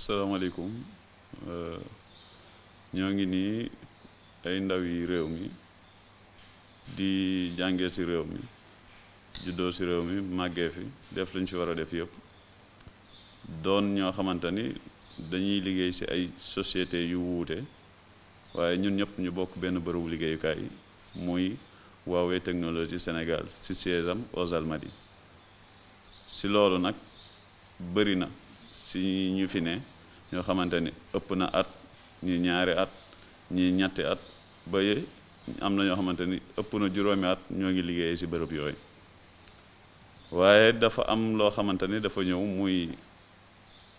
salaamaaleykum euh, ñoo ngi nii ay ndaw yi réew mi di jàngee si réew mi juddoo ci réew mi màggee fi def lañ fi war a def yëpp doon ñoo xamante ni dañuy liggéey si ay société yu wuute waaye ñun ñëpp ñu bokk benn bërëbu liggéeyukaay muy waawe Technology Sénégal ci siège am aux Almadies loolu nag bëri na ci ñu fi ne ñoo xamante ni ëpp na at ñi ñaari at ñi ñetti at ba am na ñoo xamante ni ëpp na juróomi at ñoo ngi liggéeyee si bërëb yooyu waaye dafa am loo xamante ni dafa ñëw muy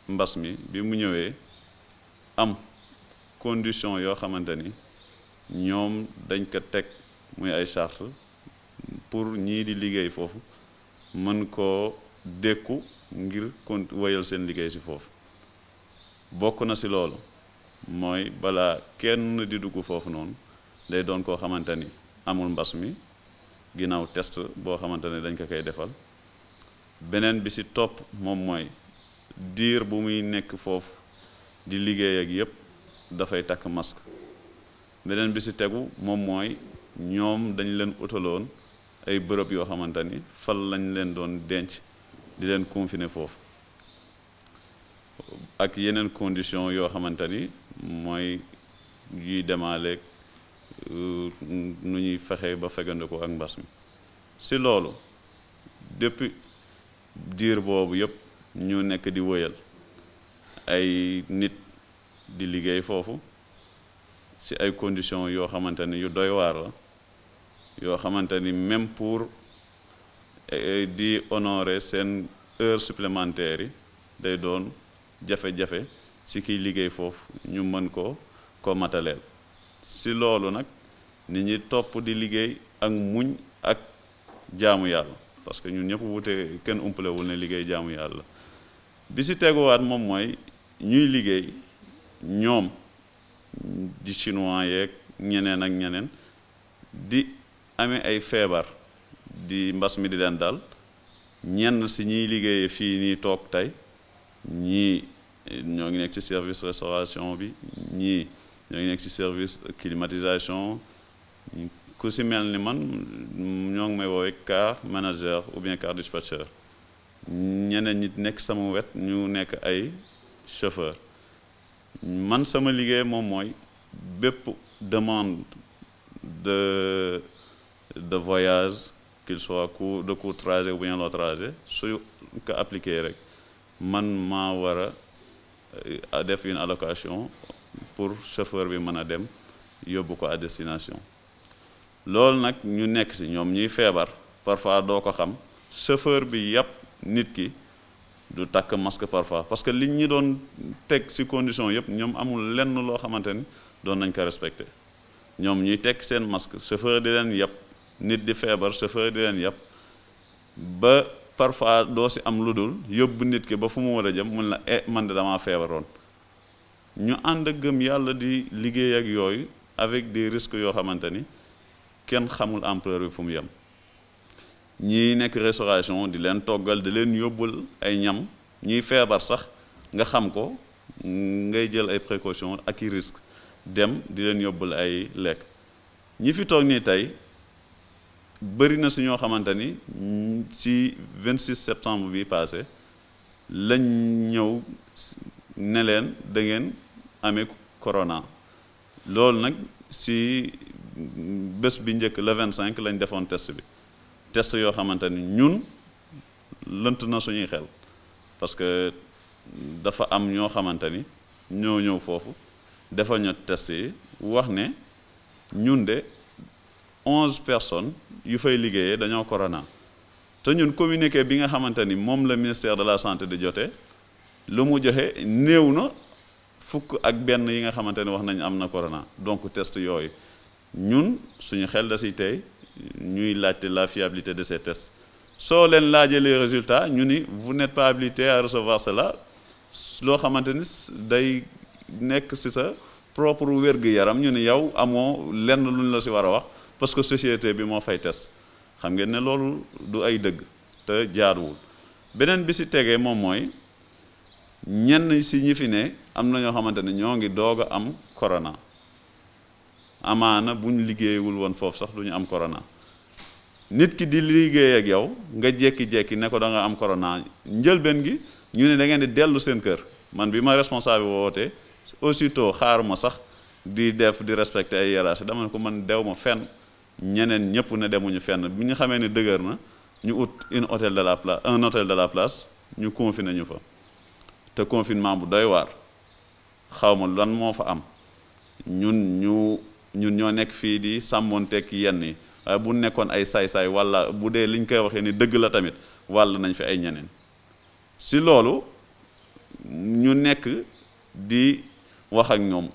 mbas mi bi mu ñëwee am condition yoo xamante ni ñoom dañ ko teg muy ay charte pour ñii di liggéey foofu mën koo dékku ngir kon woyal seen liggéey si foofu bokk na si loolu mooy balaa kenn di dugg foofu noonu day doon koo xamante ni amul mbas mi ginnaaw test boo xamante ne dañ ko koy defal beneen bi si topp moom mooy diir bu muy nekk foofu di liggéey ak yépp dafay takk mask beneen bi si tegu moom mooy ñoom dañu leen utaloon ay bërëb yoo xamante ni fal lañ leen doon denc di leen confiner foofu ak yeneen condition yoo xamante ni mooy yuy demaaleeg euh, nu ñuy fexe ba fegandikoo ak mbas mi si loolu déppi diir boobu yëpp ñu nekk di wëyal ay nit di liggéey foofu si ay conditions yoo xamante ni yu doy waar la yoo xamante ni même pour E, e, di honorer seen heure supplémentaire yi day doon jafe-jafe si kiy liggéey foofu ñu mën ko ko mataleel si loolu nag ni ñi topp di liggéey ak muñ ak jaamu yàlla parce que ñu ñëpp wute kenn umpalewul ne liggéey jaamu yàlla bi si teguwaat moom mooy ñuy liggéey ñoom di chinois yeeg ñeneen ak ñeneen di amee ay feebar di mbas mi di leen daal ñenn si ñuy liggéeye fii nii toog tey ñii ñoo ngi nekk ci service restauration bi ñii ñoo ngi nekk ci service climatisation ku si mel ni man ñoo ngi may woowee car manager ou bien car dispatcher ñeneen ñi nekk sama wet ñu nekk ay chauffeur man sama liggéey moom mooy bépp demande de de voyage qu'il soit court de court bu ou bien long trajet suñu ko appliqué rek man maa war euh, a def une allocation pour chauffeur bi mën a dem yóbbu ko à destination loolu nag ñu nekk ci ñoom ñuy feebar parfois doo ko xam chauffeur bi yàpp nit ki du takk masque parfois parce que li ñi doon teg ci condition yëpp ñoom amul lenn loo xamante ni doon nañ ko respecté ñoom ñuy tekk seen masque chauffeur di leen yàpp nit di feebar chauffeur di leen yàpp ba parfois doo si am lu dul yóbbu nit ki ba fu mu war a jëm mun la e man de damaa feebaroon ñu ànd ak gëm yàlla di liggéey ak yooyu avec des risques yoo xamante ni kenn xamul empleur bi fu mu yem ñii nekk restauration di leen toggal di leen yóbbul ay ñam ñuy feebar sax nga xam ko ngay jël ay précaution ak i risque dem di leen yóbbul ay lekk ñi fi toog nii tey bëri na si ñoo xamante ni si 26 septembre bi passé lañ ñëw ne leen da ngeen amee corona loolu nag si bés bi njëkk la vingt cinq lañ defoon test bi test yoo xamante ni ñun lënt na suñuy xel parce que dafa am ñoo xamante ni ñoo ñëw foofu defal ñu test yi wax ne ñun de. onze personnes yu fay liggéeyee dañoo corona te ñun communiqué bi nga xamante ni moom la ministère de la santé di jote lu mu joxe néew na fukk ak benn yi nga xamante ni wax nañ am na corona donc test yooyu ñun suñu xel da tey ñuy laajte la fiabilité de ces tests soo leen laajee les résultats ñu ni vous n'êtes pas habilité à recevoir cela loo xamante ni day nekk si sa propre wér-gu-yaram ñu ni yow amoo lenn luñ la si war a wax parce que société bi moo fay tes xam ngeen ne loolu du ay dëgg te jaaruwul beneen bi si tegee moom mooy ñenn si ñi fi ne am na ñoo xamante ne ñoo ngi doog a am corona amaana bu ñu liggéeyewul woon foofu sax du am corona nit ki di liggéey ak yow nga jékki-jékki ne ko da nga am corona njëlbeen gi ñu ne da ngeen di dellu seen kër man bi ma responsable wootee aussitôt xaaruma sax di def di respecter ay hiérarchie dama ne ko man dew ma fenn. ñeneen ñëpp ne demuñu fenn bi ñu xamee ne dëgër na ñu ut une hôtel de la place un hôtel de la place ñu confiné ñu fa te confinement bu doy waar xawma lan moo fa am ñun ñu ñun ñoo nekk fii di sàmmoonteeg yenn yi waaye bu nekkoon ay saay-saay walla bu dee liñ koy waxee ni dëgg la tamit wàll nañ fi ay ñeneen si loolu ñu nekk di wax ak ñoom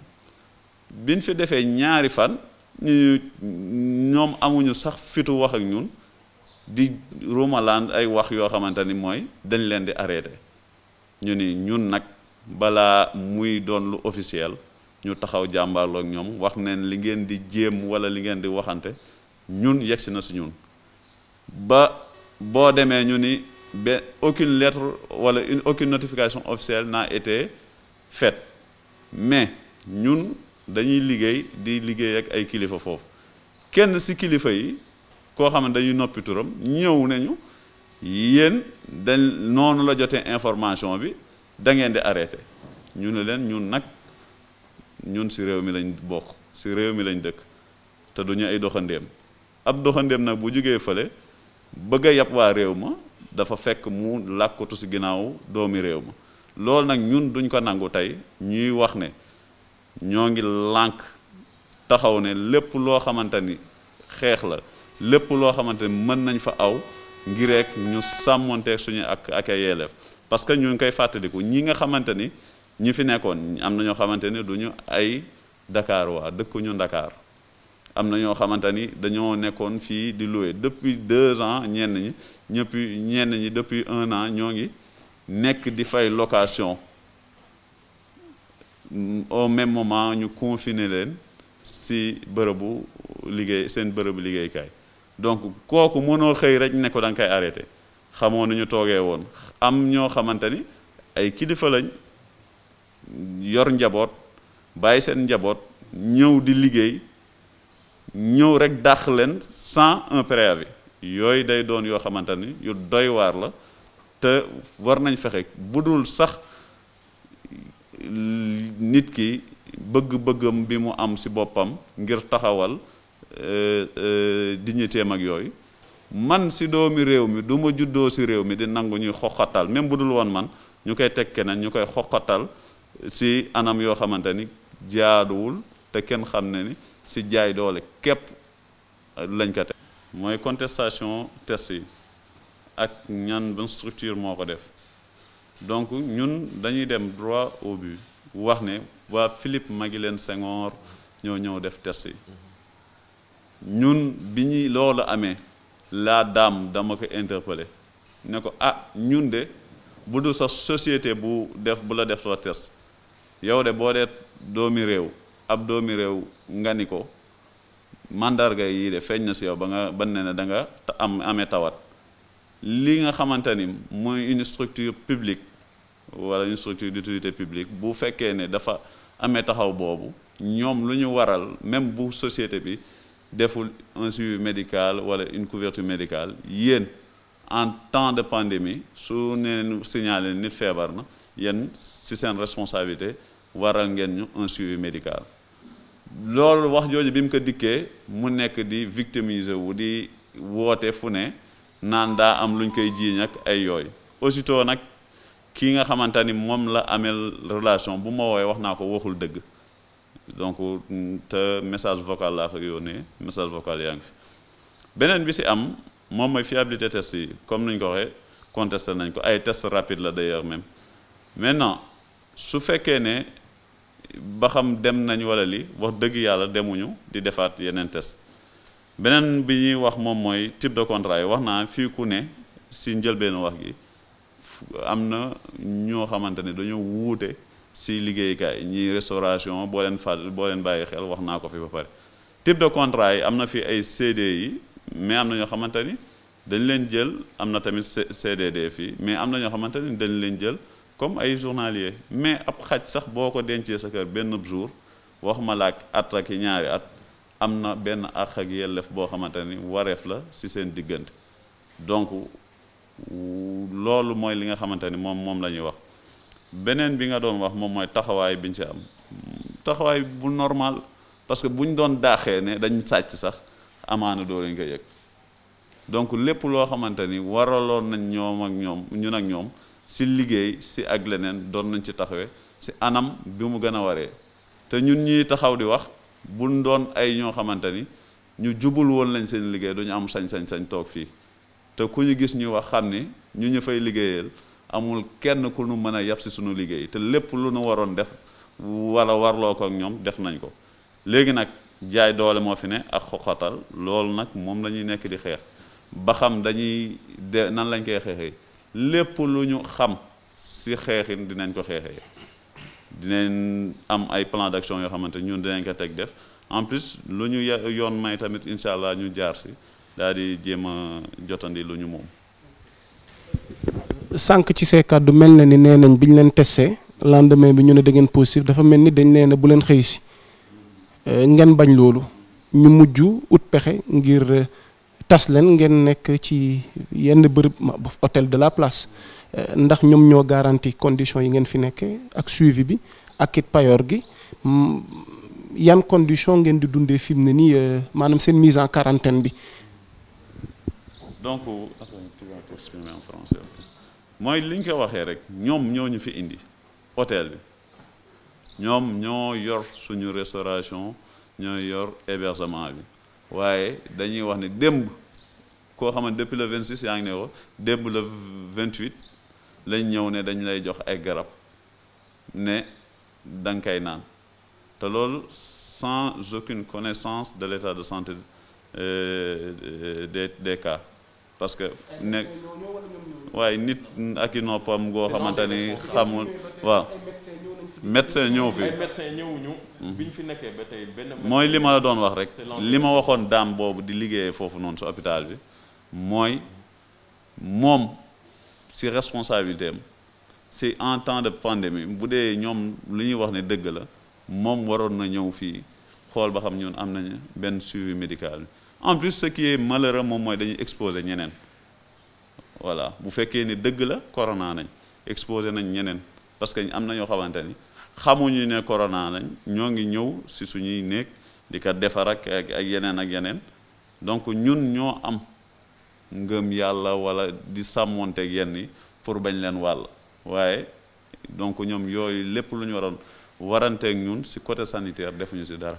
biñ fi defee ñaari fan ñoom amuñu sax fitu wax ak ñun di ruumalaan ay wax yoo xamante ni mooy dañ leen di arrêté ñu ni ñun nag balaa muy doon lu officiel ñu taxaw jàmbaarloog ñoom wax neen li ngeen di jéem wala li ngeen di waxante ñun yegsi na si ñun ba boo demee ñu ni ba aucune lettre wala une aucune notification officielle n'a été faite mais ñun dañuy liggéey di liggéey ak ay kilifa foofu kenn si kilifa yi koo xam ne dañuy noppi turam ñëw nañu yéen dañ noonu la jotee information bi da ngeen di arrêté ñu ne leen ñun nag ñun si réew mi lañ bokk si réew mi lañ dëkk te duñu ay doxandéem ab doxandéem nag bu jugee fële bëgg a yàpp waa réew ma dafa fekk mu làkkatu si ginnaaw doomi réew ma loolu nag ñun duñ ko nangu tey ñuy wax ne ñoo ngi lànk taxaw ne lépp loo xamante ni xeex la lépp loo xamante ni mën nañ fa aw ngir rek ñu sàmmonteeg suñu ak ak ay yelleef parce que ñu ngi koy fàttaliku ñi nga xamante ni ñi fi nekkoon am na ñoo xamante ni du ñu ay dakaar waa dëkkuñu ndakaar am na ñoo xamante ni dañoo nekkoon fii di loué depuis deux ans ñenn ñi ñëpp ñenn ñi depuis un an ñoo ngi nekk di fay location. au même moment ñu confiner leen si bërëbu liggéey seen bërëbu liggéeykaay donc kooku mënoo xëy rek ne ko da nga koy arrêté xamoo nu ñu toogee woon am ñoo xamante ni ay kilifa lañ yor njaboot bàyyi seen njaboot ñëw di liggéey ñëw rek dàq leen sans un préavis yooyu day doon yoo xamante ni yu doy waar la te war nañ fexe bu dul sax nit ki bëgg-bëggam bi mu am si boppam ngir taxawal euh, euh, dignitéem ak yooyu man si doomi réew mi duma juddoo si réew mi di nangu ñuy xoqatal même bu dul woon man ñu koy teg keneen ñu koy xoqatal si anam yoo xamante ni jaaduwul te kenn xam na ni si jaay doole képp lañ ko teg mooy contestation test yi ak ñan ban structure moo ko def donc ñun dañuy dem droit au but wax ne waa Philippe leen Senghor ñoo ñëw def test yi ñun bi ñuy loolu amee laa dame dama ko interpellé ne ko ah ñun de bu dul sa société bu def bu la def sa test yow de boo dee doomi réew ab doomi réew nga ni ko màndarga yii de feeñ na si yow ba nga ban ne ne da nga am amee tawat li nga xamante ni mooy une structure publique wala une structure d'utilité publique bu fekkee ne dafa amee taxaw boobu ñoom lu ñu waral même bu société bi deful un suivi médical wala une couverture médicale yéen en temps de pandémie su nu signalé nit feebar na yéen ci seen responsabilité waral ngeen ñu un suivi médical loolu wax jooju bi mu ko dikkee mu nekk di victimiser wu di woote fu ne naan daa am luñ koy jiiñ ak ay yooyu aussitôt nag kii nga xamante ni moom la amel relation bu ma woowee wax naa ko waxul dëgg donc te message vocal laa ko ne message vocal yaa ngi fi beneen bi si am moom mooy fiabilité test yi comme ni ñu ko waxee contesté nañ ko ay test rapide la d'ailleurs même maintenant su fekkee ne ba xam dem nañ wala li wax dëgg yàlla demuñu di defaat yeneen test beneen bi ñuy wax moom mooy type de contrat yi wax naa fii ku ne si njël njëlbeenu wax gi am na ñoo xamante ne dañoo wuute si liggéeykaay ñi restauration boo leen fàttali boo leen bàyyi xel wax naa ko fi ba pare type de contrat yi am na fi ay yi mais am na ñoo xamante ni dañ leen jël am na tamit CDD fii mais am na ñoo xamante ni dañ leen jël comme ay journalier mais ab xaj sax boo ko dencee sa kër benn jour wax ma laak at ak ñaari at am na benn àq ak yellef boo xamante ni wareef la si seen diggante donc loolu mooy li nga xamante ni moom moom la ñuy wax beneen bi nga doon wax moom mooy taxawaay bi ñu ci am taxawaay bu normal parce que bu ñu doon daaxee ne dañ sàcc sax amaana doo leen ko yëg donc lépp loo xamante ni waraloon nañ ñoom ak ñoom ñun ak ñoom si liggéey si ak leneen doon nañ ci taxawee si anam bi mu gën a waree te ñun ñuy taxaw di wax buñ doon ay ñoo xamante ni ñu jubul woon lañ seen liggéey duñu am sañ-sañ sañ toog fii te ku ñu gis ñu wax xam ni ñu ñu fay liggéeyal amul kenn ku nu mën a yab si suñu liggéey te lépp lu nu waroon def wala warloo ko ak ñoom def nañ ko léegi nag jaay doole moo fi ne ak xoxatal loolu nag moom lañuy nekk di xeex ba xam dañuy de nan lañ koy xeexee lépp lu ñu xam si xeexin dinañ ko xeexee dinañ am ay plan d'action yoo xamante ñun dinañ ko teg def en plus lu ñu yoon may tamit incha allah ñu jaar si daal di jéem a jotandi lu moom. sànq ci say kàddu mel na ni nee nañ bi ñu leen testé lendemain bi ñu ne da ngeen positif dafa mel ni dañ leen bu leen xëy si euh, ngeen bañ loolu ñu mujj ut pexe ngir euh, tas leen ngeen nekk ci yenn bërëb hôtel de la place euh, ndax ñoom ñoo garanti conditions yi ngeen fi nekke ak suivi bi ak it payoor gi yan condition ngeen di dundee fi mu ne nii maanaam seen mise en quarantaine bi. donc attends mooy liñ ñu ko waxee rek ñoom ñoo ñu fi indi hôtel bi ñoom ñoo yor suñu restauration ñoo yor hébergement bi waaye dañuy wax ni démb koo xam ne depuis le 26 yaa ngi ne ko démb le 28 lañ ñëw ne dañ lay jox ay garab ne da nga naan te loolu sans aucune connaissance de l'état de santé euh, euh, des des ca parce que ne waaye nit ak i noppam goo xamante ni xamul waaw médecin ñëw fi mm-hmm. biñ fi nekkee ba tey mooy li ma la doon wax rek li ma waxoon daam boobu di liggéeye foofu noonu si hôpital bi mooy moom si responsabilité am si en temps de pandémie bu dee ñoom li ñuy wax ne dëgg la moom waroon na ñëw fii xool ba xam ñun am nañu benn suivi médical bi en plus ce qui est moom mooy dañu exposé ñeneen voilà bu fekkee ni dëgg la corona nañ exposé nañ ñeneen parce que am na ñoo xamante ni xamuñu ne corona nañ ñoo ngi ñëw si suñuy néeg di ko defar ak ak yeneen ak yeneen donc ñun ñoo am ngëm yàlla walla di sàmmonteeg yenn yi pour bañ leen wàll waaye donc ñoom yooyu lépp lu ñu waroon waranteeg ñun si côté sanitaire defuñu si dara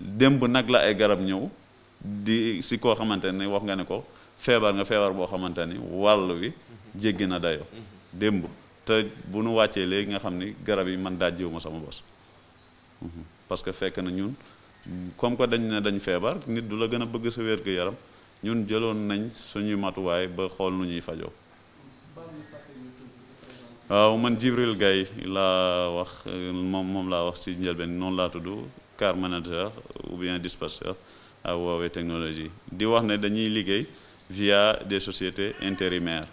démb nag la ay garab ñëw. di si koo xamante ne wax nga ne ko feebar nga feebar boo xamante ni wàll wi jéggi na dayoo démb te bu nu wàccee léegi nga xam ni garab yi man daaj jiw ma sama bos mhm. parce que fekk na ñun comme que dañ ne dañ feebar nit du la gën a bëgg sa wér gu yaram ñun jëloon nañ suñuy matuwaay ba xool nu ñuy fajoo waaw man Djibril Gaye laa wax moom moom laa wax ci njëlbeen noonu laa tudd car manager ou bien dispatcher à Huawei Technologies di wax ne dañuy liggéey via des société intérimaire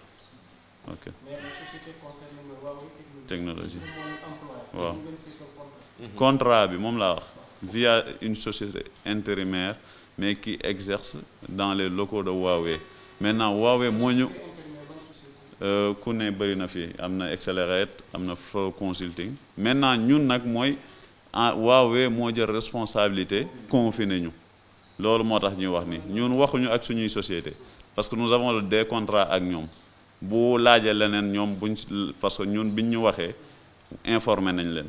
ok. waaw contrat bi moom laa wax. via une société intérimaire mais qui exerce dans les locaux de Huawei maintenant Huawei moo ñu. Euh, ku ne bëri na fii am na Accelerate am na Flow Consulting maintenant ñun nag mooy waawe ah, moo jël responsabilité confiné ñu. loolu moo tax ñuy wax ni ñun waxuñu ak suñuy société parce que nous avons des contrats ak ñoom bu laajee leneen ñoom buñ parce que ñun biñ ñu waxee informé nañ leen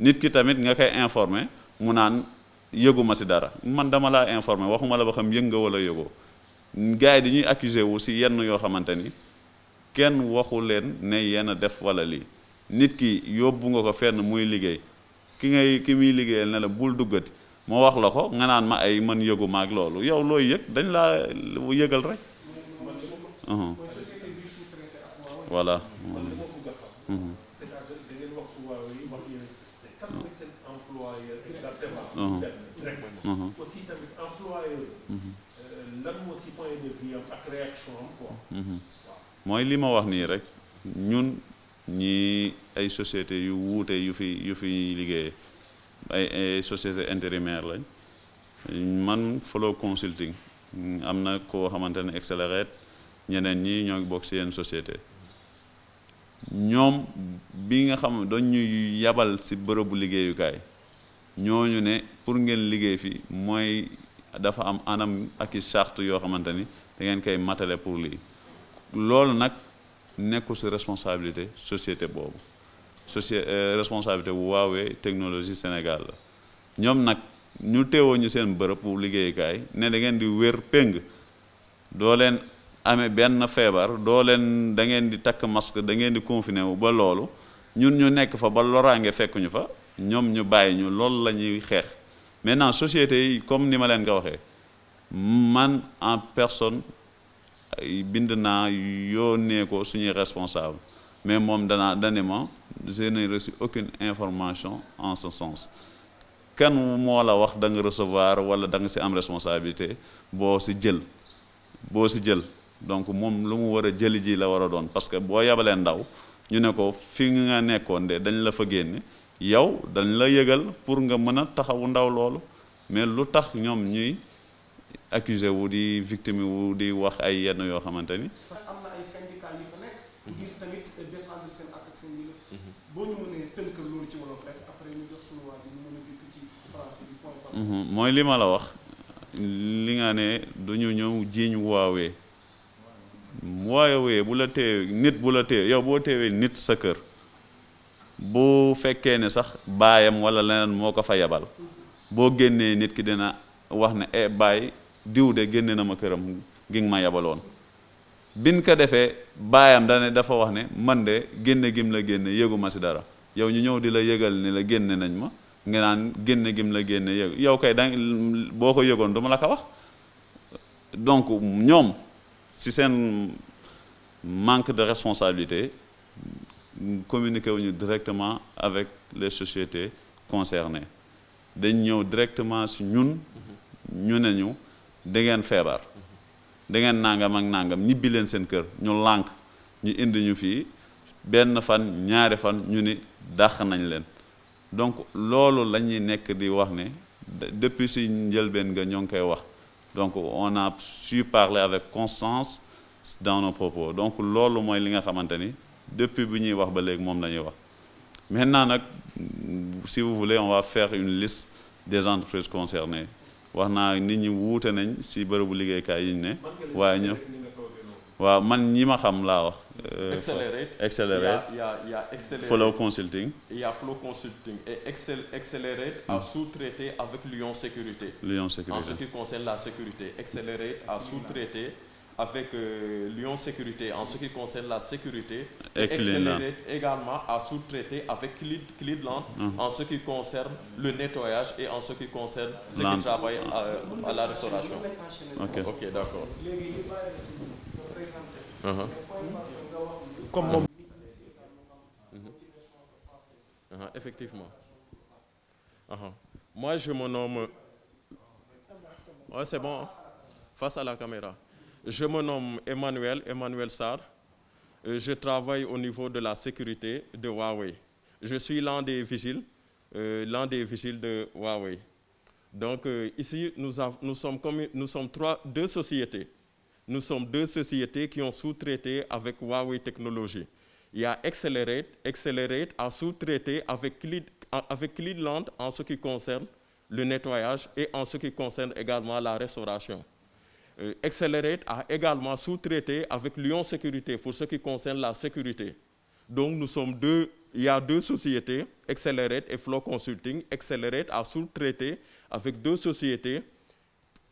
nit ki tamit nga koy informé mu naan yëguma si dara man dama laa informé waxuma la ba xam yëg nga wala yëgoo gars yi dañuy accusé wu si yenn yoo xamante ni kenn waxu leen ne yenn def wala lii nit ki yóbbu nga ko fenn muy liggéey ki ngay ki muy liggéeyal ne la bul duggati moo wax la ko nga naan ma ay man yëgu maag loolu yow looy yëg dañ laa yëgal rek voilà aussi mooy li ma wax nii rek ñun ñi ay société yu wuute yu fi yu fi liggéeyee ay ay société intérimaire lañ man Flow Consulting am na koo xamante ne Excelerate ñeneen ñi ñoo ngi bokk ci yenn société ñoom bi nga xam doon ñuy yabal ci bërëbu liggéeyukaay ñooñu ne pour ngeen liggéey fii mooy dafa am anam ak i charte yoo xamante ni da ngeen koy matale pour lii loolu nag nekkul ci responsabilité société boobu soci euh, responsabilité bu Huawei technologie Sénégal la ñoom nag ñu teewoo ñu seen bërëb bu liggéeykaay ne da ngeen di wér péng doo leen amee benn feebar doo leen da ngeen di takk masque da ngeen di confiné wu ba loolu ñun ñu nekk fa ba loraange fekkuñu fa ñoom ñu bàyyi ñu loolu la ñuy xeex maintenant société yi comme ni ma leen ko waxee man en personne bind naa yónnee ko suñuy responsable mais moom danaa dane ma je n'ai aucune information en ce sens kan moo la wax da nga recevoir wala danga nga ci am responsabilité boo ci jël boo ci jël donc moom lu mu war a jëli ji la war a doon parce que boo yabalee ndaw ñu ne ko fi nga nekkoon de dañ la fa génne yow dañ la yëgal pour nga mën a taxawu ndaw loolu mais lu tax ñoom ñuy accusé wu di victime wu di wax ay yenn yoo xamante ni. Mhm. Mhm. mooy li ma la wax li nga ne dañu ñëw jiiñ waawee waayowee bu la teew nit bu la teew yow boo teewee nit sa kër boo fekkee ne sax baayam wala leneen moo ko fa yabal boo génnee nit ki dina wax ne eh, baay diw de génne na ma këram gi ma yabaloon bin ko defee baayam dane dafa wax ne man de génne gim la génne yëguma si dara yow ñu ñëw di la yëgal ni la génne nañ ma nga naan génne gim la génne yég yow kay da boo ko yëgoon du la ko wax donc ñoom si seen manque de responsabilité communiqué wuñu directement avec les sociétés concerné dañ ñëw directement si ñun ñu ne ñu da feebar dangeen ngeen nangam ak nangam ñibbi leen seen kër ñu lànk ñu indi ñu fii benn fan ñaari fan ñu ni dàq nañ leen donc loolu la ñuy nekk di wax ne depuis si njëlbeen nga ñoo ngi koy wax donc on a su parler avec constance dans nos propos donc loolu mooy li nga xamante ni depuis bi ñuy wax ba léegi moom la ñuy wax maintenant nag si vous voulez on va faire une liste des entreprises concernées wax naa nit ñi wuute nañ si bërëbu liggéeykaay yi ñu ne waaye ñu waaw man ñi ma xam laa wax. Euh, Accelerate Accelerate y' a y' a Accelerate Flow Consulting. y' a Flow Consulting et Excel Accelerate a hmm. sous-traité avec Lyon Sécurité. Lyon Sécurité en ce la sécurité Accelerate a sous-traité. avec euh, Lyon Sécurité en ce qui concerne la sécurité et, et également à sous-traiter avec Cleveland mm en ce qui concerne le nettoyage et en ce qui concerne ceux qui travaillent euh, à, la restauration. d'accord. Uh-huh. Comme uh -huh. uh -huh. c'est bon. Face à la caméra. Je me nomme Emmanuel, Emmanuel Sarr. Euh, je travaille au niveau de la sécurité de Huawei. Je suis l'un des vigiles, euh, l'un des vigiles de Huawei. Donc euh, ici, nous, nous sommes, comme, nous sommes trois, deux sociétés. Nous sommes deux sociétés qui ont sous-traité avec Huawei Technologies. Il y a Accelerate, à sous-traité avec, avec Cleveland en ce qui concerne le nettoyage et en ce qui également la restauration. Euh, Accelerate a également sous-traité avec Lyon Sécurité pour ce qui concerne la sécurité. Donc nous sommes deux, il y a deux sociétés, Accelerate et Flow Consulting. Accelerate a sous-traité avec deux sociétés,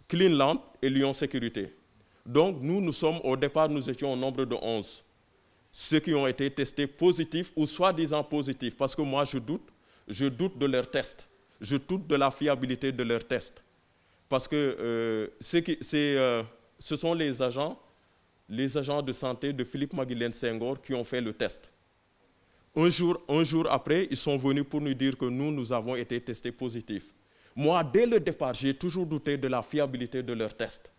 Cleanland et Lyon Sécurité. Donc nous, nous sommes, au départ, nous étions au nombre de 11. Ceux qui ont été testés positifs ou soi-disant positifs, parce que moi je doute, je de leurs test je doute de la fiabilité de leurs test parce que euh, ce qui c'est euh, ce sont les agents les agents de santé de Philippe Maguilène Senghor qui ont fait le test. Un jour un jour après, ils sont venus pour nous dire que nous nous avons été testés positifs. Moi, dès le départ, j'ai toujours douté de la fiabilité de leurs tests.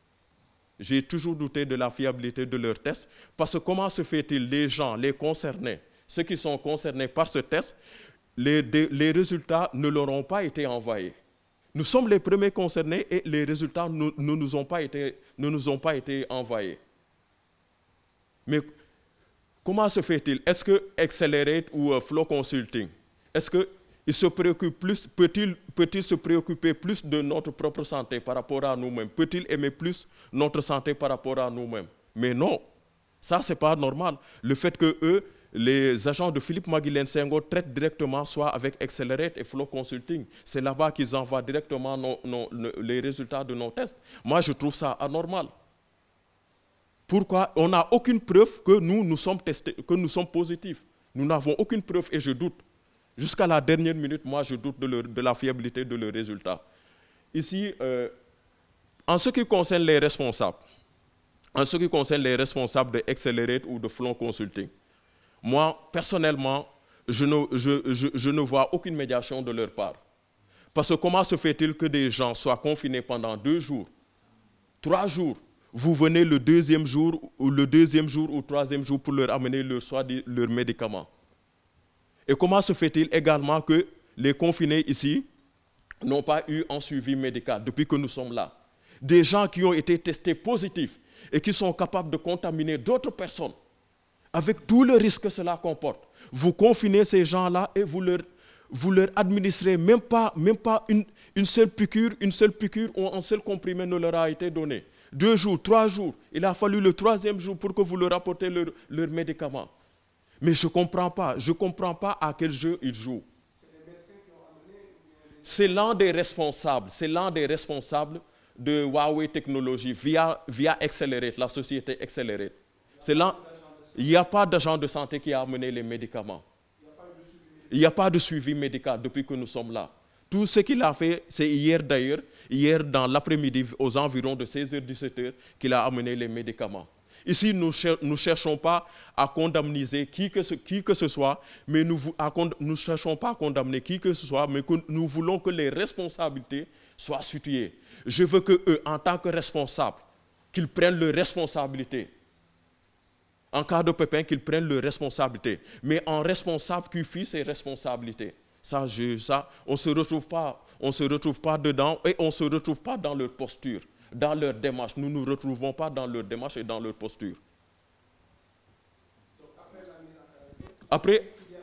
J'ai toujours douté de la fiabilité de leurs tests parce que comment se fait-il les gens, les concernés, ceux qui sont concernés par ce test, les, les résultats ne leur ont pas été envoyés. Nous sommes les premiers concernés et les résultats ne, ne, nous, ont pas été, ne nous envoyés. Mais comment se fait-il Est-ce que Accelerate ou euh, Flow Consulting, est-ce qu'il se préoccupe plus, peut-il peut se préoccuper plus de notre propre santé par rapport à nous-mêmes Peut-il aimer plus notre santé par rapport à nous-mêmes Mais non, ça, ce n'est pas normal. Le fait que les agents de Philippe Maguilène Senghor traitent directement soit avec Accelerate et Flow Consulting. C'est là-bas qu'ils envoient directement nos, nos, les résultats de nos tests. Moi, je trouve ça anormal. Pourquoi? On n'a aucune preuve que nous, nous sommes testés, que nous sommes positifs. Nous n'avons aucune preuve et je doute. Jusqu'à la dernière minute, moi, je doute de, leur, de la fiabilité de leurs résultats. Ici, euh, en ce qui concerne les responsables, en ce qui concerne les responsables de Accelerate ou de Flow Moi, personnellement, je ne, je, je, je vois aucune médiation de leur part. Parce que comment se fait-il que des gens soient confinés pendant deux jours, trois jours Vous venez le deuxième jour ou le deuxième jour ou troisième jour pour leur amener leur, leur médicament. Et comment se fait-il également que les confinés ici n'ont pas eu un suivi médical depuis que nous sommes là Des gens qui ont été testés positifs et qui sont capables de contaminer d'autres personnes avec tout le risque que cela comporte. Vous confinez ces gens-là et vous leur, vous leur administrez même pas, même pas une, une seule piqûre, une seule piqûre ou un seul comprimé ne leur a été donné. Deux jours, trois jours, il a fallu le troisième jour pour que vous leur apportez leurs leur médicaments. Mais je ne comprends pas, je ne comprends pas à quel jeu ils jouent. C'est l'un des responsables, c'est l'un des responsables de Huawei technologie via, via Accelerate, la société Accelerate. C'est l'un il n'y a pas de santé qui a amené les médicaments. Il n'y médical depuis que nous sommes là. Tout ce qu'il a fait, c'est hier d'ailleurs, hier dans l'après-midi, aux environs de 16h, 17h, qu'il les médicaments. Ici, nous ne cher cherchons pas à condamner qui que ce, qui que soit, mais nous ne cherchons pas à condamner qui que ce soit, mais que nous voulons que les responsabilités soient situées. Je veux que en tant que responsables, qu'ils prennent leurs En cas de pépin, qu'ils prennent leurs responsabilités. Mais en responsable qui fit ses responsabilités. Ça, je, on ne se retrouve pas. On ne se retrouve pas dedans et on ne se retrouve pas dans leur posture, dans leur démarche. Nous ne retrouvons pas dans leur démarche et dans leur posture. après la mise en euh, Après. Il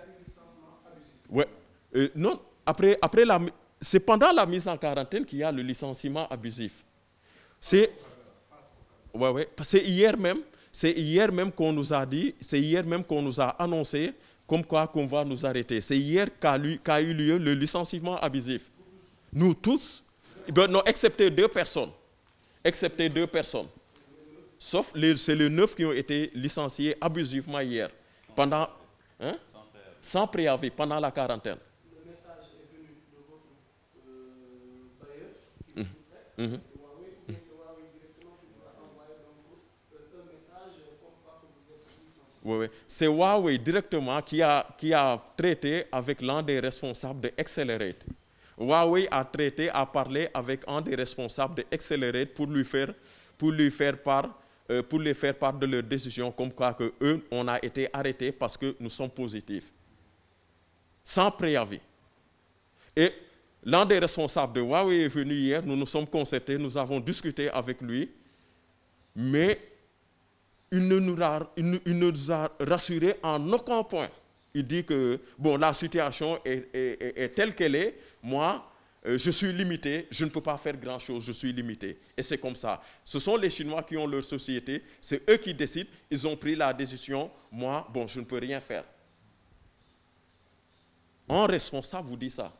y a la. C'est pendant la mise en quarantaine qu'il y a le licenciement abusif. C'est. que hier même, C'est hier même qu'on nous a dit, c'est hier même qu'on nous a annoncé comme quoi qu'on va nous arrêter. C'est hier qu'a eu lieu le licenciement abusif. Nous tous, excepté deux personnes. Excepté deux Sauf c'est les neuf qui ont été licenciés abusivement hier. Pendant, la quarantaine. Oui, oui. C'est Huawei directement qui a, traité avec l'un des responsables de Accelerate. Huawei a traité, a parlé avec un des responsables de pour lui faire, pour lui faire part euh, pour lui faire part de leur décision comme quoi que eux, on a été arrêtés parce que nous sommes positifs. Sans préavis. Et l'un des responsables de Huawei est venu hier, nous nous sommes concertés, nous avons discuté avec lui, mais il ne nous a, il ne, il nous a rassuré en aucun point. Il dit que, bon, la situation est, est, est, est telle qu'elle est. Moi, euh, je suis limité, je ne peux pas faire grand-chose, je suis limité. Et c'est comme ça. Ce sont les Chinois qui ont leur société, c'est eux qui décident, ils ont pris la décision, moi, bon, je ne peux rien faire. Un responsable vous dit ça.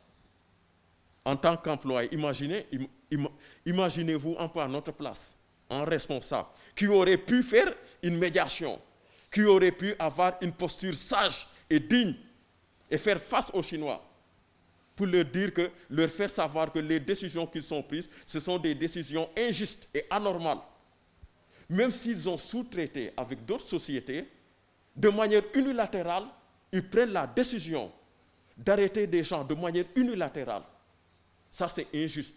En tant qu'employé, imaginez, im, im, imaginez-vous un peu à notre place. un responsable qui aurait pu faire une médiation, qui aurait pu avoir une posture sage et digne et faire face aux Chinois pour leur dire que, leur faire savoir que les décisions qu'ils sont prises, ce sont des décisions injustes et anormales. Même s'ils ont sous-traité avec d'autres sociétés, de manière unilatérale, ils prennent la décision d'arrêter des gens de manière unilatérale. Ça, c'est injuste.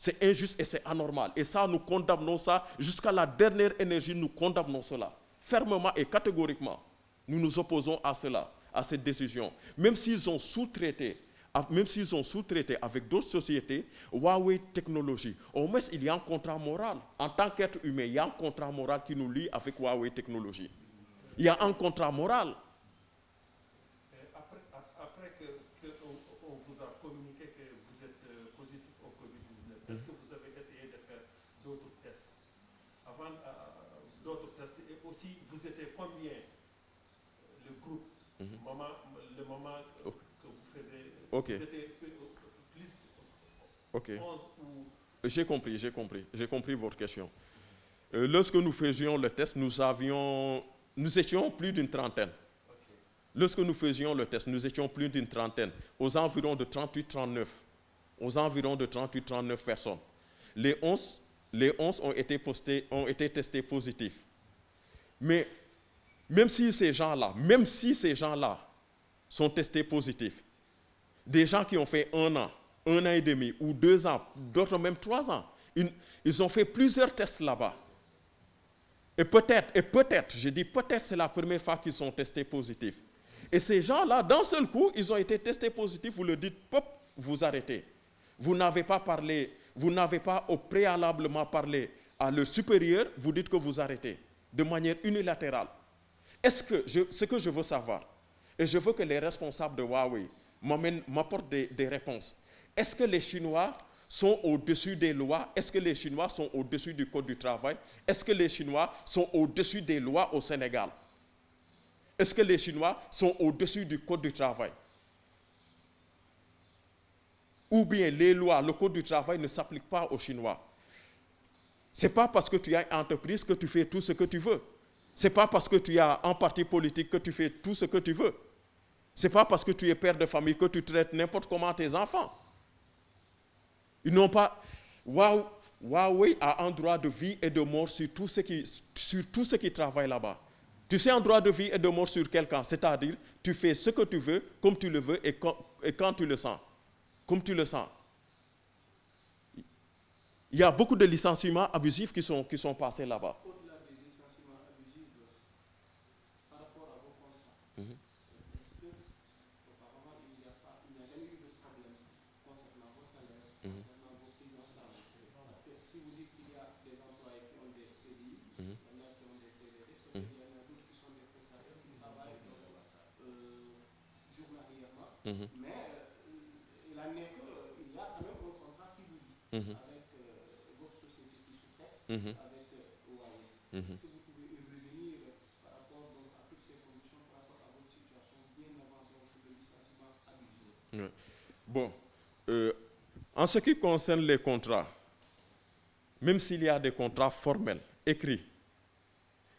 C'est injuste et c'est anormal. Et ça, nous condamnons ça. Jusqu'à la dernière énergie, nous condamnons cela. Fermement et catégoriquement, nous nous opposons à cela, à cette décision. Même s'ils ont sous-traité, même s'ils ont sous-traité avec d'autres sociétés, Huawei technologie au moins il y a un contrat moral. En tant qu'être humain, il y a un contrat moral qui nous lie avec Huawei technologie Il y a un contrat moral. vous étiez combien euh, le groupe mm -hmm. moment, le moment oh. que vous faisiez okay. Vous étiez plus euh, okay. 11 ou... J'ai compris, j'ai compris, j'ai compris votre question. Euh, lorsque nous faisions le test, nous avions, nous étions plus d'une trentaine. Okay. Lorsque nous faisions le test, nous étions de 38-39, aux environs de 38-39 personnes. Les 11, les 11 ont été, postés, ont été testés positifs. Mais même si ces gens-là, même si ces gens-là sont testés positifs, des gens qui ont fait un an, un an et demi ou deux ans, d'autres même trois ans, une, ils ont fait plusieurs tests là-bas. Et peut-être, et peut-être, je dis peut-être c'est la première fois qu'ils sont testés positifs. Et ces gens-là, d'un seul coup, ils ont été testés positifs, vous le dites, pop, vous arrêtez. Vous n'avez pas parlé, vous n'avez pas au préalablement parlé à le supérieur, vous dites que vous arrêtez. de manière unilatérale. Est-ce que je, que je veux savoir, et je veux que les responsables de Huawei m'apportent des, réponses, est-ce que les Chinois sont au-dessus des lois? Est-ce que les Chinois sont au-dessus du Code du travail? Est-ce que les Chinois sont au-dessus des lois au Sénégal? Est-ce que les Chinois sont au-dessus du Code du travail? Ou bien les lois, le Code du travail ne s'applique pas aux Chinois? C'est pas parce que tu as une entreprise que tu fais tout ce que tu veux. C'est pas parce que tu as un parti politique que tu fais tout ce que tu veux. C'est pas parce que tu es père de famille que tu traites n'importe comment tes enfants. Ils n'ont pas waouh a un droit de vie et de mort sur tout ce qui, sur tout ce qui travaille là un droit de vie et de mort sur quelqu'un, c'est-à-dire tu fais ce que tu veux, comme tu le veux et, quand, et le sens. il y a beaucoup de licenciements abusifs qui sont qui sont passés là-bas. Au-delà des licenciements abusifs, euh, par rapport à vos contrats, mm-hmm. est-ce que auparavant il n'y a pas, il n'y a jamais eu de problème concernant vos salaires, mm-hmm. concernant vos prises en charge? Parce que si vous dites qu'il y a des employés qui ont des CDI, mm-hmm. il y en a qui ont des CDD, mhm. il y en a d'autres qui sont des prestataires qui travaillent euh, euh journalièrement, mhm. mais euh, il en est que il y a quand même un contrat qui vous lie. Mmh. Mmh. Bon, euh, en ce qui concerne les contrats, même s'il y a des contrats formels, écrits,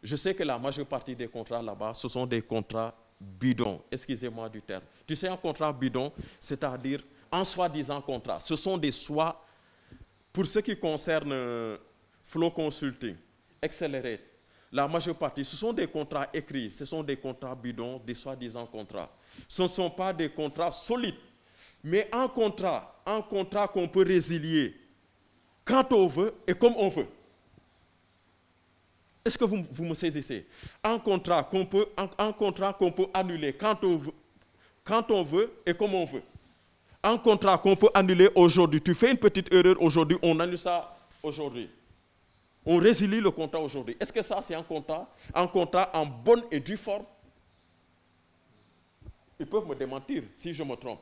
je sais que la majeure partie des contrats là-bas, ce sont des contrats bidons, excusez-moi du terme. Tu sais, un contrat bidon, c'est-à-dire en soi-disant contrat. Ce sont des soi, pour ce qui concerne euh, Flow Consulting, Accelerate, la majeure partie, ce sont des contrats écrits, ce sont des contrats bidons, des soi-disant contrats. Ce ne sont pas des contrats solides, mais un contrat, un contrat qu'on peut résilier quand on veut Est-ce que vous, vous, me saisissez Un contrat qu'on peut, contrat qu'on peut annuler quand on, veut, quand on veut et comme on veut. Un contrat qu'on peut annuler aujourd'hui. Tu fais une petite erreur aujourd'hui, on annule ça aujourd'hui. On résilie le contrat aujourd'hui. Est-ce que ça, c'est un contrat, en bonne et due forme Ils peuvent me démentir si je me trompe.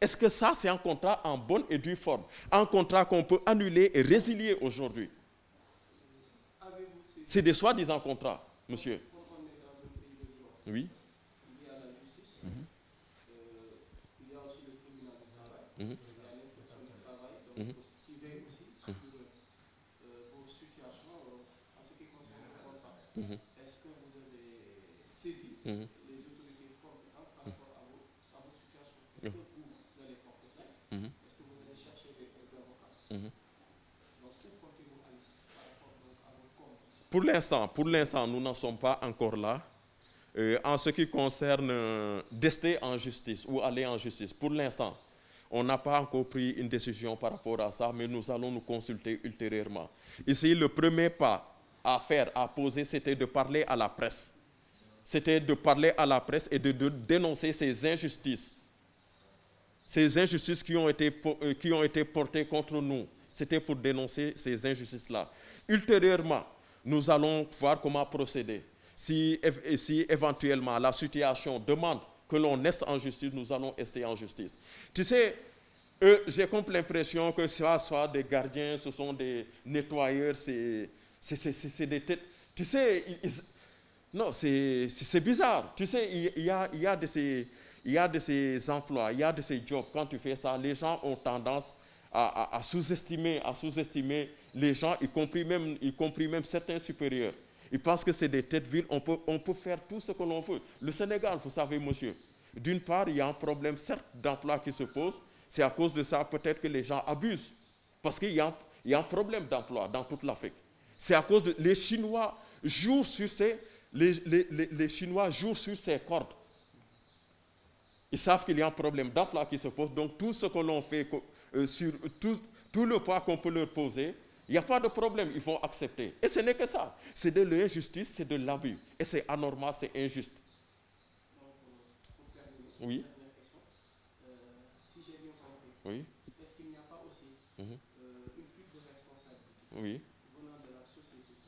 Est-ce que ça, c'est un contrat en bonne et due forme Un contrat qu'on peut annuler et résilier aujourd'hui C'est des soi-disant contrats, monsieur. Oui. Euh, Est-ce que vous Pour l'instant, pour l'instant, nous n'en sommes pas encore là. Euh, en ce qui concerne euh, en justice ou aller en justice, pour l'instant, on n'a pas encore pris une décision par rapport à ça, mais nous allons nous consulter ultérieurement. Ici, le premier pas, à faire, à poser, c'était de parler à la presse. C'était de parler à la presse et de, de, dénoncer ces injustices. Ces injustices qui ont été, euh, portées contre nous. C'était pour dénoncer ces injustices-là. Ultérieurement, nous allons voir comment procéder. Si, si éventuellement la situation demande que l'on est en justice, nous allons rester en justice. Tu sais, euh, j'ai comme l'impression que ce soit des gardiens, ce sont des nettoyeurs, c'est C'est, c'est, c'est des têtes. Tu sais, ils, ils, non, c'est, c'est bizarre. Tu il y a, il y a de ces, il y a de ces emplois, il y a de ces jobs. Quand tu fais ça, les gens ont tendance à, à, à sous-estimer, à sous-estimer les gens, y compris même, y compris même certains supérieurs. Ils pensent que c'est des têtes villes, on peut, on peut faire tout ce que l'on veut. Le Sénégal, vous savez, monsieur, d'une part, il y a un problème, certes, d'emploi qui se pose. C'est à cause de ça, peut-être, que les gens abusent. Parce qu'il y a, il y a un problème d'emploi dans toute l'Afrique. C'est à cause de les Chinois jouent sur ces les, les, les, les Chinois jouent sur ces cordes. Ils savent qu'il y a un problème d'emploi qui se pose, donc tout ce que l'on fait euh, sur tout, le poids qu'on peut leur poser, il n'y a pas de problème, ils vont accepter. Et ce n'est que ça. C'est de l'injustice, c'est de l'abus. Et c'est anormal, c'est injuste. Est-ce qu'il n'y a pas aussi mhm. euh, une fuite de responsabilité?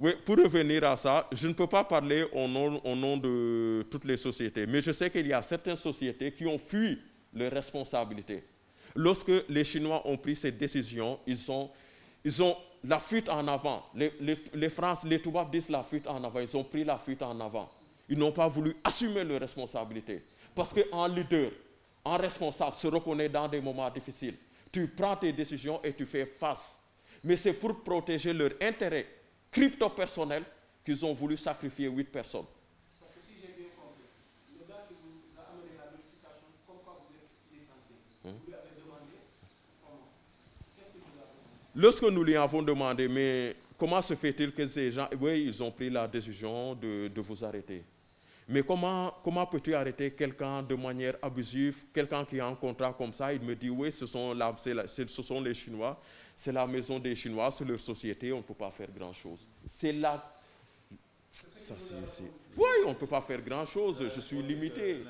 Oui, pour revenir à ça, je ne peux pas parler au nom, au de toutes les sociétés, mais je sais qu'il y a certaines sociétés qui ont fui leurs responsabilités. Lorsque les Chinois ont pris ces décisions, ils ont, ils ont la en avant. Les, les, les France, les Toubabs disent la fuite en avant. pris la fuite en avant. Ils n'ont pas voulu assumer leurs responsabilités. Parce qu'en leader, en responsable, se reconnaît dans des moments difficiles. Tu prends tes décisions et tu fais face. Mais c'est pour protéger leur intérêt crypto personnel qu'ils ont voulu sacrifier huit personnes. Parce que si j'ai bien compris, le gars a vous êtes licencié, hmm? nous lui avons demandé, mais comment se fait-il que ces gens, ils ont pris la décision de de vous arrêter. Mais comment comment peux-tu arrêter quelqu'un de manière abusive, quelqu'un qui a un contrat comme ça? Il me dit, oui, ce ce sont les Chinois. c'est la maison des Chinois, c'est leur société, on ne peut pas faire grand-chose. C'est la... Ça, c'est... Oui, on ne peut pas faire grand-chose, je suis limité.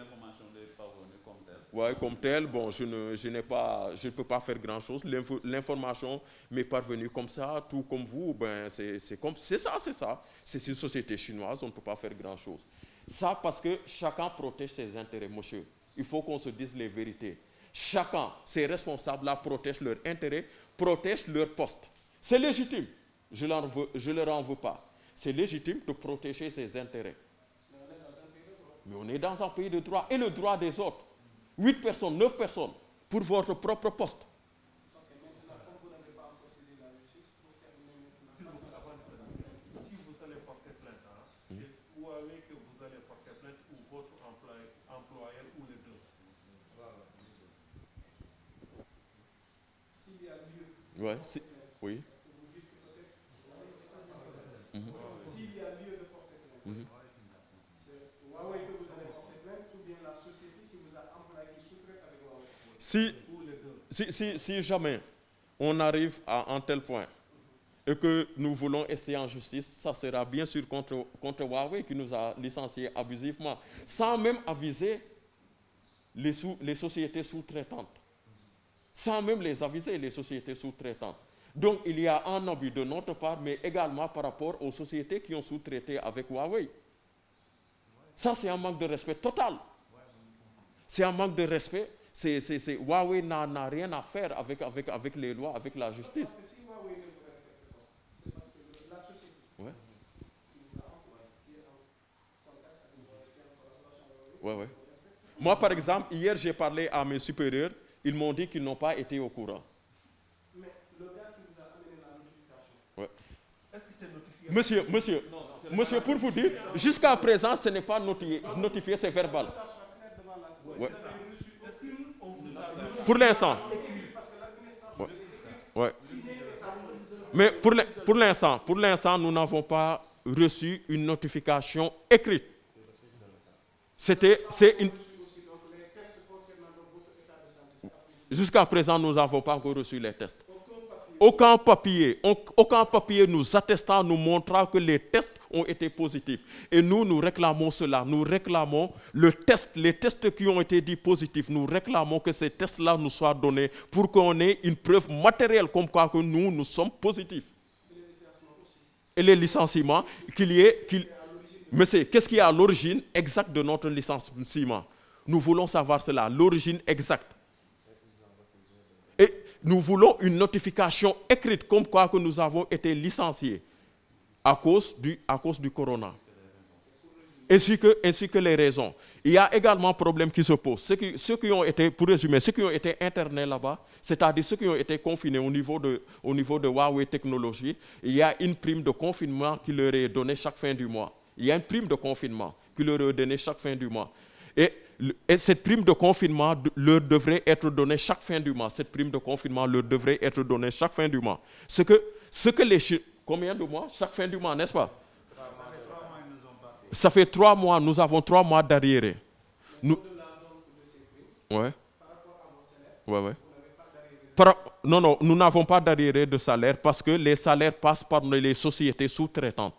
Oui, comme tel, bon, je ne, je n'ai pas, je ne peux pas faire grand-chose. L'information m'est parvenue comme ça, tout comme vous, ben, c'est, c'est comme, c'est ça, c'est ça. C'est une société chinoise, on ne peut pas faire grand-chose. Ça parce que chacun protège ses intérêts, monsieur. Il faut qu'on se dise les vérités. Chacun, ses responsables, la protège leur intérêt, protège leur poste. C'est légitime. Je ne veux, je leur en veux pas. C'est légitime de protéger ses intérêts. Mais on est dans un pays de droit et le droit des autres. 8 personnes, 9 personnes pour votre propre poste. Ouais, mhm. Mhm. si. Si, si, si, jamais on arrive à un tel point et que nous voulons essayer en justice, ça sera bien sûr contre, contre qui nous a licenciés abusivement, sans même aviser les, sous, les sociétés sous-traitantes. sans même les aviser, les sociétés sous-traitantes. Donc il y a un abus de notre part, mais également par rapport aux sociétés qui ont sous-traité avec Huawei. c'est un manque de respect total. C'est un manque de respect. C'est, c'est, c'est... Huawei rien à faire avec, les lois, avec la justice. par exemple, hier, j'ai parlé à mes supérieurs ils m'ont dit qu'ils n'ont pas été au courant. Monsieur, monsieur, pour vous dire, jusqu'à présent, ce n'est pas notifié, c'est verbal. Mais pour le, pour l'instant, pour l'instant, nous n'avons pas reçu une notification écrite. C'était, c'est une Jusqu'à présent, nous n'avons pas encore reçu les tests. Aucun papier, aucun papier nous attestant, nous montrant que les tests ont été positifs. Et nous, nous réclamons cela. Nous réclamons test, les tests qui ont été dits positifs. Nous réclamons que ces tests-là nous soient donnés pour qu'on ait une preuve matérielle comme qui que nous, nous sommes positifs. Et les licenciements, qu'il y ait... Qu Monsieur, qu'est-ce qui est à l'origine exacte de notre licenciement Nous voulons savoir cela, l'origine exacte. nous voulons une notification écrite comme quoi que nous avons été licenciés à cause du, à cause du corona. Ainsi que, ainsi que les raisons. Il y a également un problème qui se pose. Ceux qui, ceux qui ont été, pour résumer, ceux qui là-bas, c'est-à-dire ceux qui ont été confinés au niveau, de, au niveau de Huawei Technologies, il y a une prime de confinement qui leur est donnée chaque fin du mois. Il y a une prime de confinement qui leur est donnée chaque fin du mois. Et et cette prime de confinement leur devrait être donnée chaque fin du mois. Cette prime de confinement leur devrait être donnée chaque fin du mois. Ce que, ce que les Combien de mois Chaque fin du mois, n'est-ce pas Ça fait trois mois, nous avons trois mois d'arriéré. Nous... Par... Non, non, nous n'avons pas d'arriéré de salaire parce que les salaires passent par les sociétés sous-traitantes.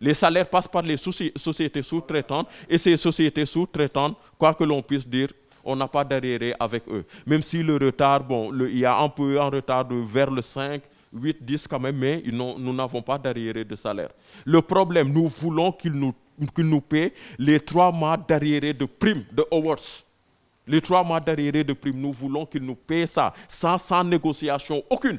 Les salaires passent par les sociétés sous-traitantes et ces sociétés sous-traitantes, quoi que l'on puisse dire, on n'a pas d'arriéré avec eux. Même si le retard, bon, le, il y retard de vers le cinq 8, 10 quand même, mais ils nous n'avons pas d'arriéré de salaire. Le problème, nous voulons qu'ils nous, qu'ils nous paient les trois mois d'arriéré de primes, de awards. Les trois mois d'arriéré de primes, nous voulons qu'ils nous paient ça, sans, sans négociation aucune.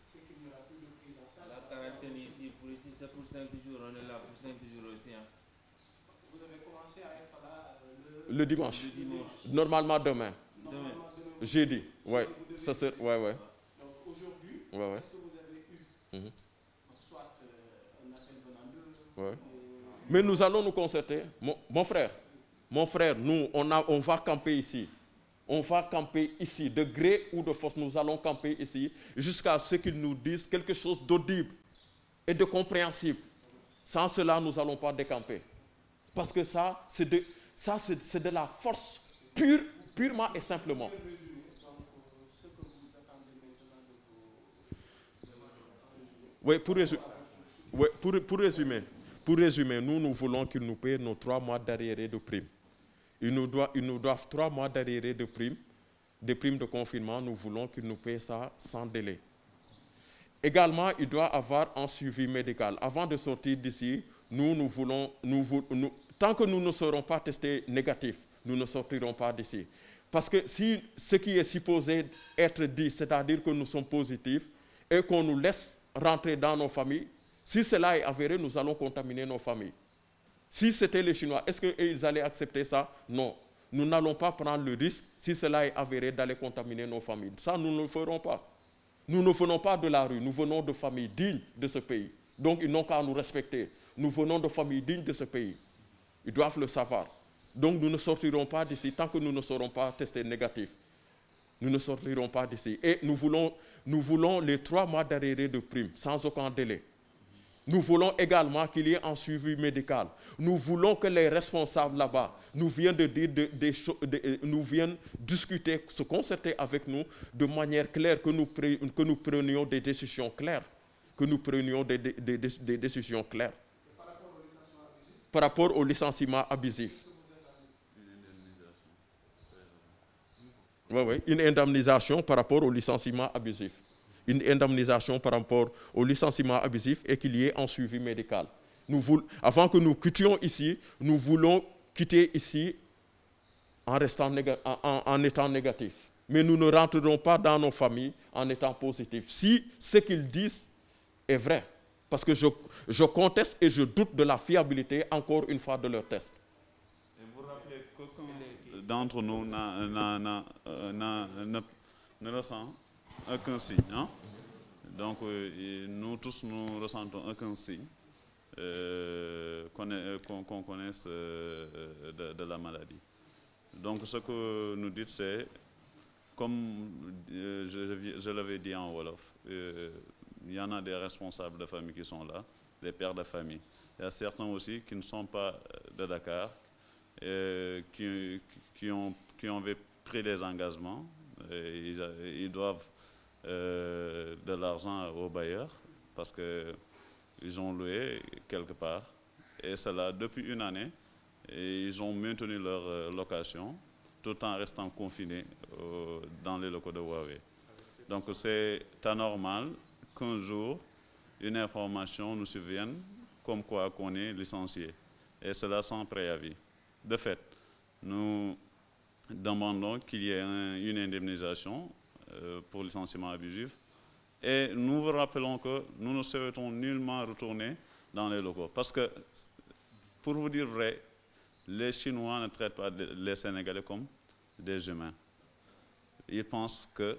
Le dimanche. Le dimanche. Normalement demain. Normalement demain. Jeudi. Ouais. Demain. Ça un mhm. Mais nous allons nous concerter. Mon, frère, nous on va camper ici. On va camper ici de gré ou de force, nous allons camper ici jusqu'à ce qu'ils nous disent quelque chose d'audible et de compréhensible. Sans cela, nous allons pas décamper. Parce que ça, c'est de ça c'est de la force pure purement et simplement pour résumer oui, nous nous voulons qu'ils nous payent nos trois mois d'arriérés de prime ils nous doivent trois mois d'arriérés de prime des primes de confinement nous voulons qu'ils nous payent ça sans délai également il doit avoir un suivi médical avant de sortir d'ici nous nous voulons nous Tant que nous ne serons pas testés négatifs, nous ne sortirons pas d'ici. Parce que si ce qui est supposé être dit, c'est-à-dire que nous sommes positifs et qu'on nous laisse rentrer dans nos familles, si cela est avéré, nous allons contaminer nos familles. Si c'était les Chinois, est-ce qu'ils allaient accepter ça? Non. Nous n'allons pas prendre le risque, si cela est avéré, d'aller contaminer nos familles. Ça, nous ne le pas. Nous ne venons pas de la rue, nous venons de familles dignes de ce pays. Donc, ils n'ont qu'à nous respecter. Nous venons de familles Ils doivent le savoir. Donc nous ne sortirons pas d'ici tant que nous ne serons pas testés négatifs. Nous ne sortirons pas d'ici. Et nous voulons, nous voulons les trois mois d'arrêt de prime sans aucun délai. Nous voulons également qu'il y ait un suivi médical. Nous voulons que les responsables là-bas nous viennent de dire de, de, de, euh, nous viennent discuter, se concerter avec nous de manière claire, que nous, pre, que nous prenions des décisions claires, que nous prenions des, des, des, des décisions claires. par rapport au licenciement abusif. Oui, oui, une indemnisation par rapport au licenciement abusif. Une indemnisation par rapport au licenciement abusif et qu'il y ait un suivi médical. Nous voulons, avant que nous quittions ici, nous voulons quitter ici en, restant néga, en, en étant négatif. Mais nous ne rentrerons pas dans nos familles en étant positifs. Si ce qu'ils disent est vrai, parce que je, je conteste et je doute de la fiabilité, encore une fois, de leurs tests. Et vous rappelez qu'aucun d'entre nous euh, ne ressent aucun signe. Hein? Donc, euh, nous tous, nous ressentons aucun signe euh, qu'on qu connaisse euh, euh, de, de, la maladie. Donc, ce que nous dites, c'est, comme euh, je, je l'avais dit en Wolof, il y en a des responsables de famille qui sont là, des pères de famille. Il y a certains aussi qui ne sont pas euh, de Dakar, et qui, qui, ont, qui ont pris des engagements. Et ils, ils, doivent euh, de l'argent aux bailleurs parce qu'ils ont loué quelque part. Et cela depuis une année. Et ils ont maintenu leur euh, location tout en restant confinés euh, dans les locaux de Huawei. Donc c'est anormal qu'un jour, une information nous survienne comme quoi qu'on est licencié, et cela sans préavis. De fait, nous demandons qu'il y ait un, une indemnisation euh, pour licenciement abusif, et nous vous rappelons que nous ne souhaitons nullement retourner dans les locaux, parce que, pour vous dire vrai, les Chinois ne traitent pas les Sénégalais comme des humains. Ils pensent que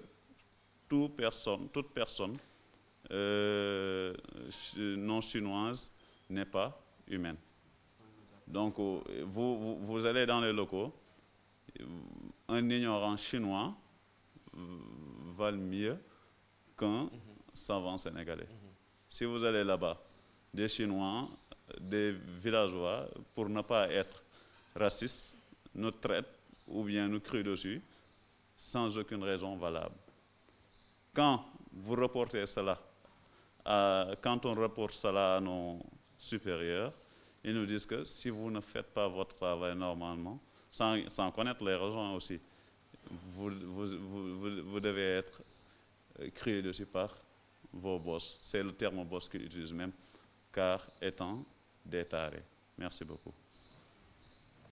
toute personne, toute personne euh, non chinoise n'est pas humaine. Donc, euh, vous, vous, vous, allez dans les locaux, un ignorant chinois vaut mieux qu'un mm -hmm. savant sénégalais. Mm -hmm. Si vous allez là-bas, des Chinois, des villageois, pour ne pas être racistes, nous traitent ou bien nous crient dessus sans aucune raison valable. Quand vous reportez cela euh, quand on rapporte cela à nos supérieurs, ils nous disent que si vous ne faites pas votre travail normalement, sans, sans connaître les raisons aussi, vous, vous, vous, vous devez être euh, crié dessus par vos boss. C'est le terme boss qu'ils utilisent même, car étant des tarés. Merci beaucoup.